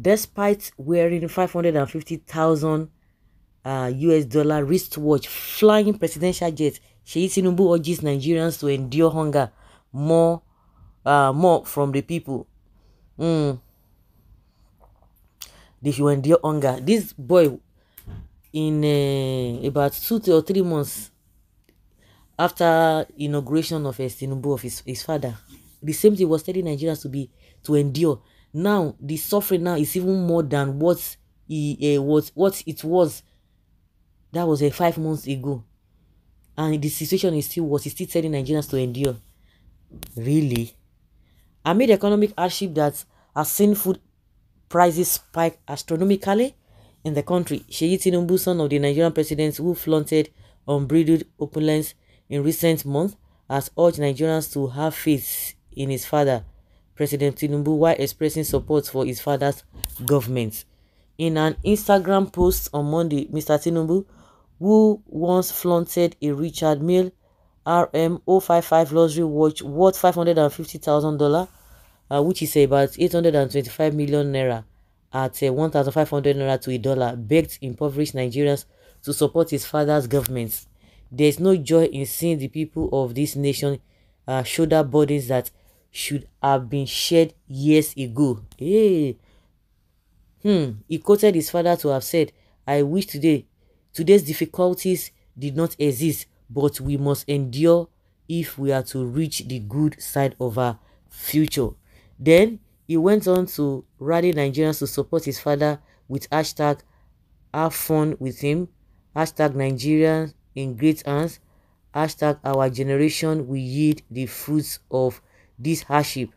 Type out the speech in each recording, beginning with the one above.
despite wearing 550,000 uh, US dollar wristwatch, flying presidential jet, Sheyi Tinubu urges Nigerians to endure hunger more, uh, more from the people. Mm. If you endure hunger. This boy, in uh, about two or three months after inauguration of Tinubu of his, his father, the same thing was telling Nigerians to be to endure. now the suffering now is even more than what he uh, eh, was what it was that was uh, five months ago and the situation is still was he's still telling nigerians to endure really amid economic hardship that has seen food prices spike astronomically in the country sheyi tinubu son of the nigerian president who flaunted unbridled opulence in recent months has urged nigerians to have faith in his father President Tinubu while expressing support for his father's government. In an Instagram post on Monday, Mr. Tinubu, who once flaunted a Richard Mill RM055 luxury watch worth $550,000, uh, which is about 825 million naira at uh, 1,500 naira to a dollar, begged impoverished Nigerians to support his father's government. There is no joy in seeing the people of this nation uh, shoulder burdens that should have been shed years ago. Hey. Hmm. He quoted his father to have said, I wish today, today's difficulties did not exist, but we must endure if we are to reach the good side of our future. Then he went on to rally Nigerians to support his father with hashtag have fun with him, hashtag Nigerians in great hands, hashtag our generation will yield the fruits of this hardship.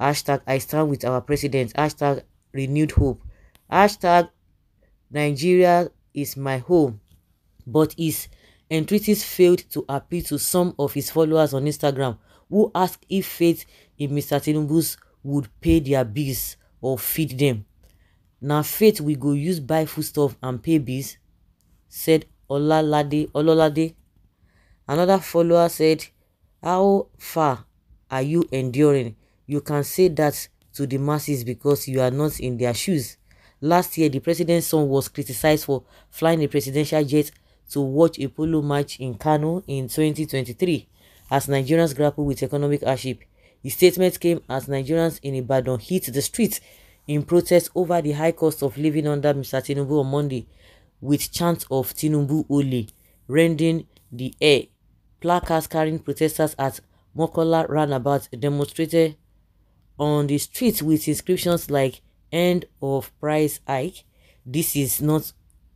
Hashtag I stand with our president. Hashtag renewed hope. Hashtag Nigeria is my home. But his entreaties failed to appeal to some of his followers on Instagram who asked if faith in Mr. Tinubu's would pay their bills or feed them. Now faith we go use buy foodstuff and pay bills, said Olalade Ololade. Another follower said, How far are you enduring? You can say that to the masses because you are not in their shoes. Last year, the president's son was criticized for flying a presidential jet to watch a polo match in Kano in 2023 as Nigerians grapple with economic hardship. The statement came as Nigerians in Ibadan hit the streets in protest over the high cost of living under Mr. Tinubu on Monday with chants of Tinubu Ole rending the air. Placards carrying protesters at Mokola roundabout demonstrated on the streets with inscriptions like end of price hike, this is not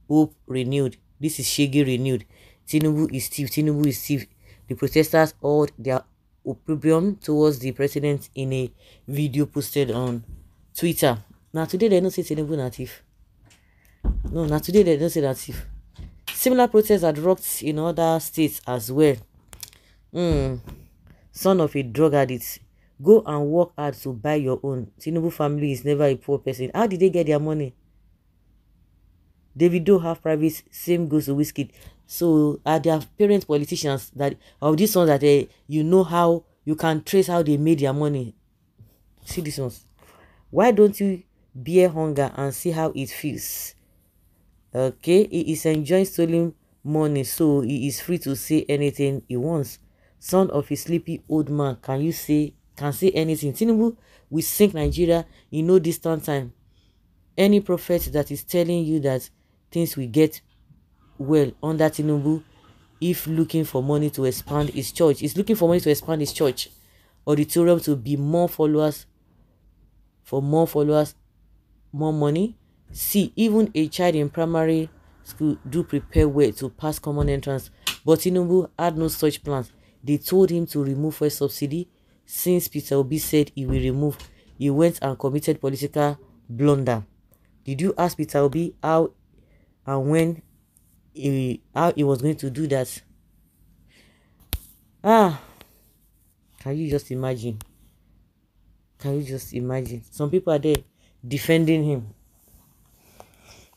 hope renewed, this is Shege renewed, Tinubu is stiff, Tinubu is stiff. The protesters hurled their opprobrium towards the president in a video posted on Twitter. Now today they don't say Tinubu native. No, now today they don't say native. Similar protests had rocked in other states as well. Hmm. Son of a drug addict, go and work hard to buy your own. Tinubu family is never a poor person. How did they get their money? do have private, same goes to Whiskey. So are their parents politicians that of these ones that they, eh, you know how you can trace how they made their money. See these ones. Why don't you bear hunger and see how it feels? Okay, he is enjoying stolen money, so he is free to say anything he wants son of a sleepy old man, can you say can say anything? Tinubu will sink Nigeria in no distant time. Any prophet that is telling you that things will get well under Tinubu, if looking for money to expand his church, is looking for money to expand his church auditorium to be more followers, for more followers, more money. See, even a child in primary school do prepare way to pass common entrance, but Tinubu had no such plans they told him to remove fuel subsidy. Since Peter Obi said he will remove, he went and committed political blunder. Did you ask Peter Obi how and when he, how he was going to do that? Ah, can you just imagine? Can you just imagine? Some people are there defending him.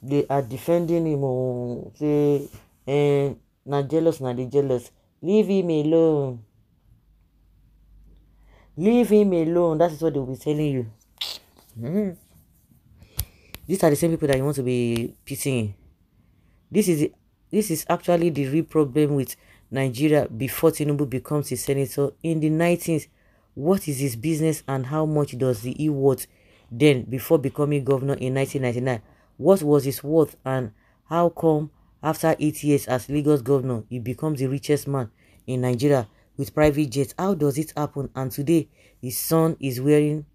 They are defending him. Or oh, say, eh, not jealous, not they jealous. Leave him alone. Leave him alone. That is what they will be telling you. Mm. These are the same people that you want to be pissing. This is this is actually the real problem with Nigeria before Tinubu becomes a senator in the 19th. What is his business and how much does he e worth then before becoming governor in 1999? What was his worth and how come After eight years as Lagos governor, he becomes the richest man in Nigeria with private jets. How does it happen? And today, his son is wearing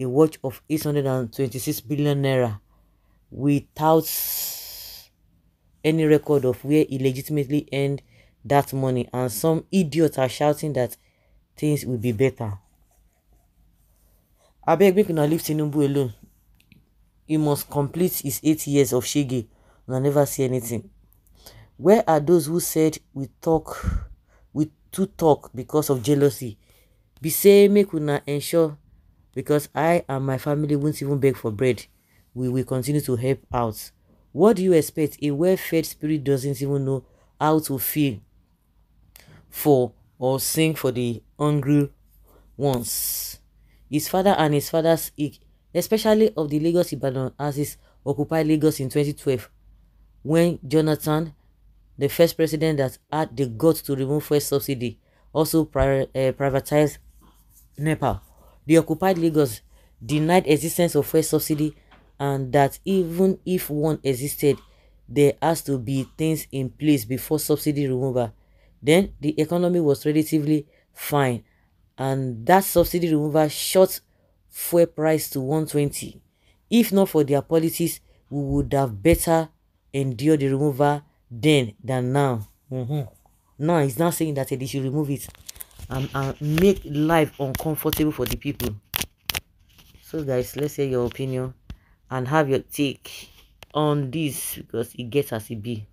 a watch of 826 billion naira without any record of where he legitimately earned that money. And some idiots are shouting that things will be better. I beg me, could leave Tinubu alone. He must complete his eight years of Shege and I never see anything. Where are those who said we talk, we too talk because of jealousy? Be say make una ensure because I and my family won't even beg for bread. We will continue to help out. What do you expect? A well-fed spirit doesn't even know how to feel for or sing for the hungry ones. His father and his father's especially of the Lagos Ibadan as is occupied Lagos in 2012, when Jonathan, the first president that had the guts to remove fuel subsidy, also pri- uh, eh, privatized NEPA. The occupied Lagos denied existence of fuel subsidy and that even if one existed, there has to be things in place before subsidy removal. Then the economy was relatively fine and that subsidy removal shot fuel price to 120. If not for their policies, we would have better endure the removal then than now. Mm-hmm. Now he's not saying that they should remove it and, and make life uncomfortable for the people. So guys, let's hear your opinion and have your take on this because it gets as it be.